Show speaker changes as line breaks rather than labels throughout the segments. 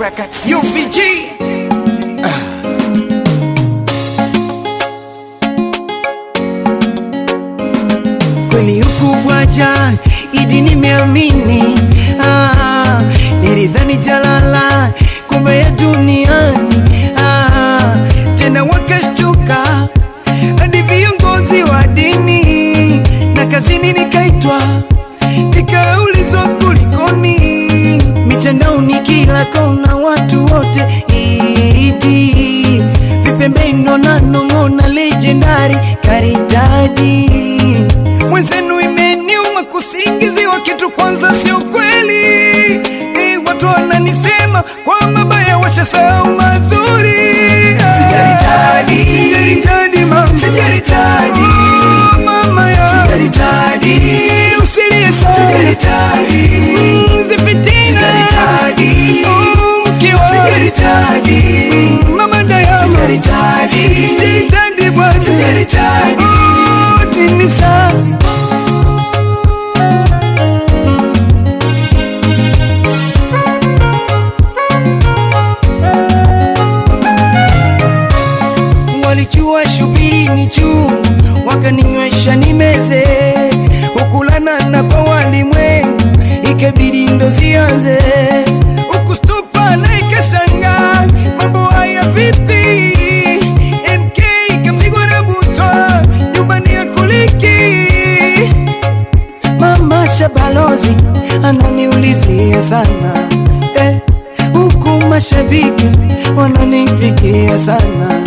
Records UVG kweli ukubwaja idi nimeamini ah, ah, nilidhani jalala kumbe ananisema kwa mabaya washasahau mazuri.
Sijaritadi, mama, oh, mama ya, sijaritadi oh,
mama Diana,
sijaritadi,
sijaritadi bwana,
sijaritadi
oh, ni sana shubiri ni juu, wakaninywesha nimeze, na kwa walimwengu, ikabidi ndo zianze ukustupa na ikashanga mambo haya vipi? MK kamjigwa na butwa nyumbani ya kuliki. Mama Shabalozi ananiulizia sana eh, huku mashabiki wananipigia sana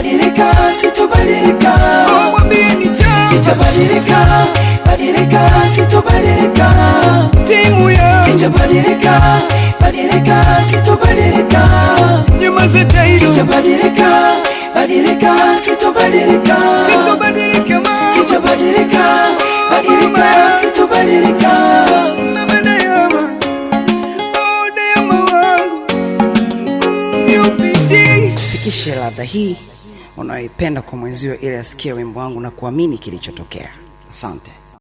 badilika, sitobadilika. Sitabadilika, badilika, sitobadilika.
Timu ya
sitabadilika, badilika, sitobadilika.
Nyuma za tairi
sitabadilika, badilika, sitobadilika.
Sitobadilika,
sitabadilika, badilika, sitobadilika.
Fikishe ladha hii unayoipenda kwa mwenzio, ili asikie wimbo wangu na kuamini kilichotokea. Asante.